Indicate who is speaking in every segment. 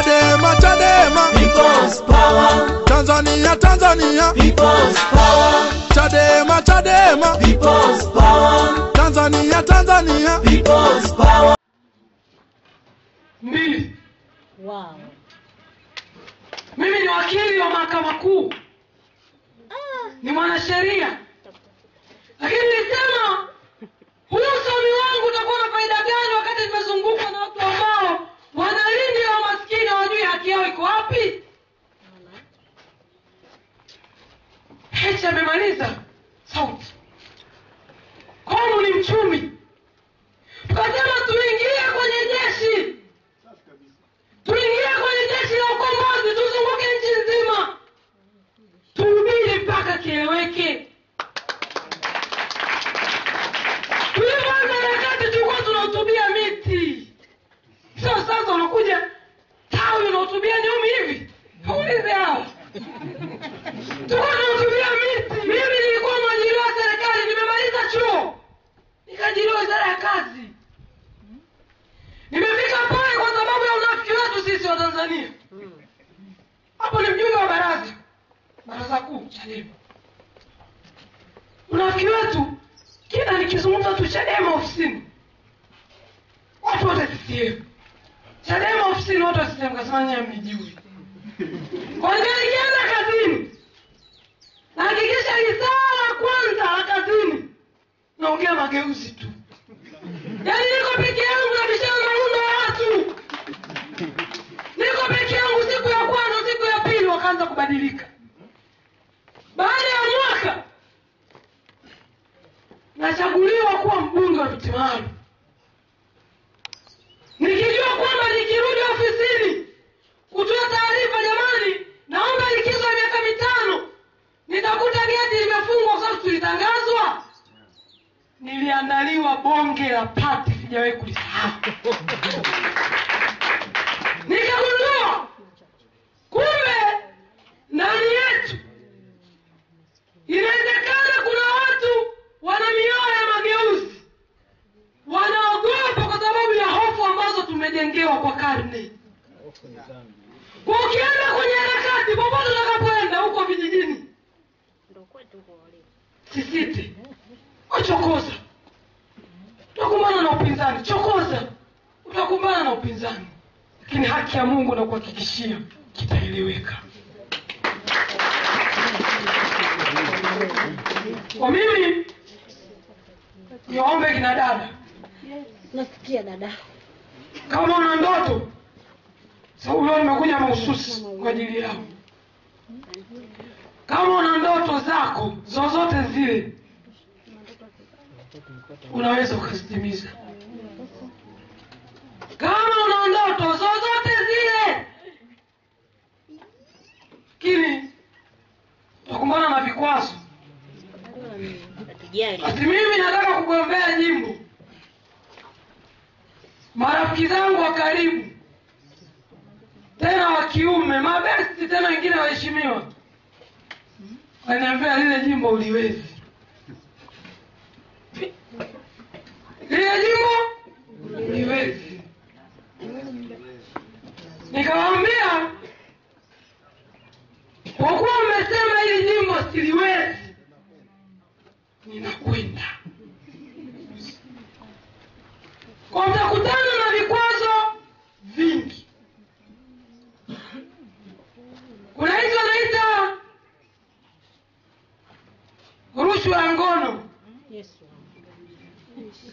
Speaker 1: Chadema, Chadema.
Speaker 2: People's power.
Speaker 1: Tanzania, Tanzania.
Speaker 2: People's power.
Speaker 1: Chadema, Chadema.
Speaker 2: People's power.
Speaker 1: Tanzania, Tanzania.
Speaker 2: People's power.
Speaker 3: Mimi. Wow. Mimi ni wakili wa mahakama kuu. Ah. Ni mwanasheria. Lakini nilisema kiuchumi, tukasema tuingie kwenye jeshi, tuingie kwenye jeshi la ukombozi, tuzunguke nchi nzima, tuhubiri mpaka kieleweke. Tulipoanza harakati tulikuwa tunahutubia miti, sio sasa unakuja tawi unahutubia nyumi hivi, ulize hao wa Tanzania hapo Ni mjumbe wa baraza baraza kuu Chadema. Unafiki wetu kila nikizungumza tu Chadema ofisini watu wote CCM, Chadema ofisini watu wa CCM. Kasema nyinyi kwa nini? Nikienda kazini nahakikisha lisaa la kwanza la kazini naongea mageuzi tu. nachaguliwa kuwa mbunge wa viti nikijua kwamba nikirudi ofisini kutoa taarifa, jamani, naomba likizo ya miaka mitano, nitakuta geti limefungwa kwa sababu tulitangazwa. Niliandaliwa bonge la pati, sijawahi kulisahau. Kwa ukienda kwenye harakati popote utakapoenda huko vijijini, sisiti wachokoza, utakumbana na upinzani. Chokoza, utakumbana na upinzani, lakini haki ya Mungu na kuhakikishia kitaeleweka. Kwa mimi niombe kina dada,
Speaker 4: nasikia dada,
Speaker 3: kama una ndoto sababu leo nimekuja mahususi kwa ajili yao. Kama una ndoto zako zozote zile, unaweza ukazitimiza. Kama una ndoto zozote zile, lakini utakumbana na vikwazo. ati mimi nataka kugombea jimbo, marafiki zangu wa karibu tena wa kiume mabesti tena wengine waheshimiwa, wanaambia lile jimbo uliwezi, lile jimbo
Speaker 5: uliwezi.
Speaker 3: Nikawaambia, kwa kuwa umesema hili jimbo siliwezi, ninakwenda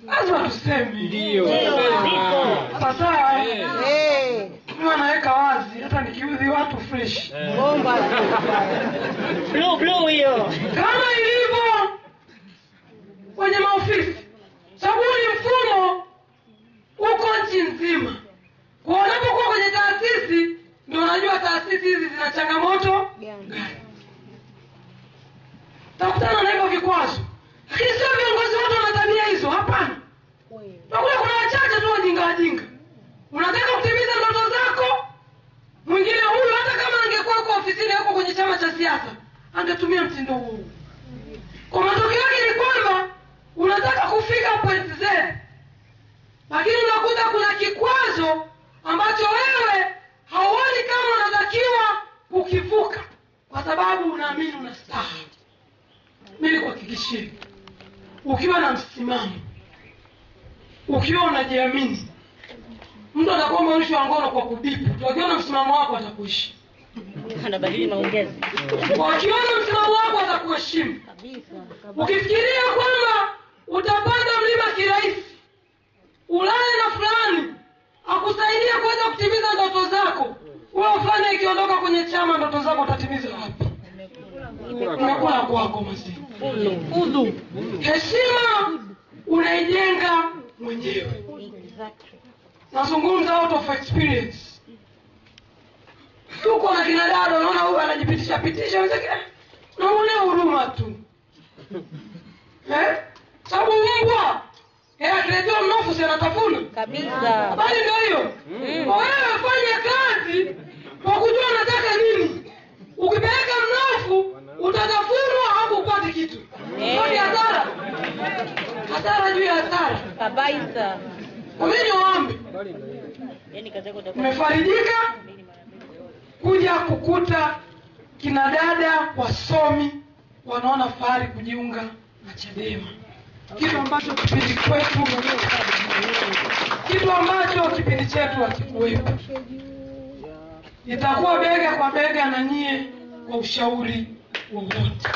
Speaker 3: lazima tuseme ndio fasaha eh,
Speaker 6: eh.
Speaker 3: wazi hata nikiudhi watu fresh
Speaker 7: bomba eh.
Speaker 8: blue blue hiyo
Speaker 3: kama ilivyo kwenye maofisi sababu ni mfumo uko nchi nzima kwa unapokuwa kwenye taasisi ndio unajua taasisi hizi zina changamoto gani takutana na hivyo vikwazo siasa angetumia mtindo huu. Kwa matokeo yake ni kwamba unataka kufika pointi zile, lakini unakuta kuna kikwazo ambacho wewe hauoni kama unatakiwa kukivuka, kwa sababu unaamini unastahili. mili nikuhakikishie, ukiwa na msimamo, ukiwa unajiamini, mtu atakuwa mwanishi wa ngono kwa kubipu. na msimamo wako atakuishi
Speaker 9: anabadili maongezi.
Speaker 3: Wakiona msimamo wako atakuheshimu kabisa. Ukifikiria kwamba utapanda mlima kirahisi, ulale na fulani akusaidia kuweza kutimiza ndoto zako, wewe ufanye, ikiondoka kwenye chama ndoto zako utatimiza wapi? Unakula kwako
Speaker 10: maskini.
Speaker 3: heshima unaijenga
Speaker 11: mwenyewe.
Speaker 3: Nazungumza out of experience tuko na kina dada, unaona huyu anajipitisha pitisha, wenzake, naone huruma tu eh? sababu mbwa eh, akiletewa mnofu si anatafuna
Speaker 12: kabisa,
Speaker 3: bali ndio hiyo mm. Wewe fanya kazi kwa kujua unataka nini. Ukipeleka mnofu utatafunwa, upate kitu eh. Ni Hasara hasara juu ya hasara
Speaker 13: kabisa.
Speaker 3: Kwa mimi niwaombe, yaani mmefarijika pia kukuta kina dada wasomi wanaona fahari kujiunga na Chadema, kitu ambacho kipindi kwetu kitu ambacho kipindi chetu hakikuwepo. Nitakuwa bega kwa bega na nyie kwa ushauri wowote.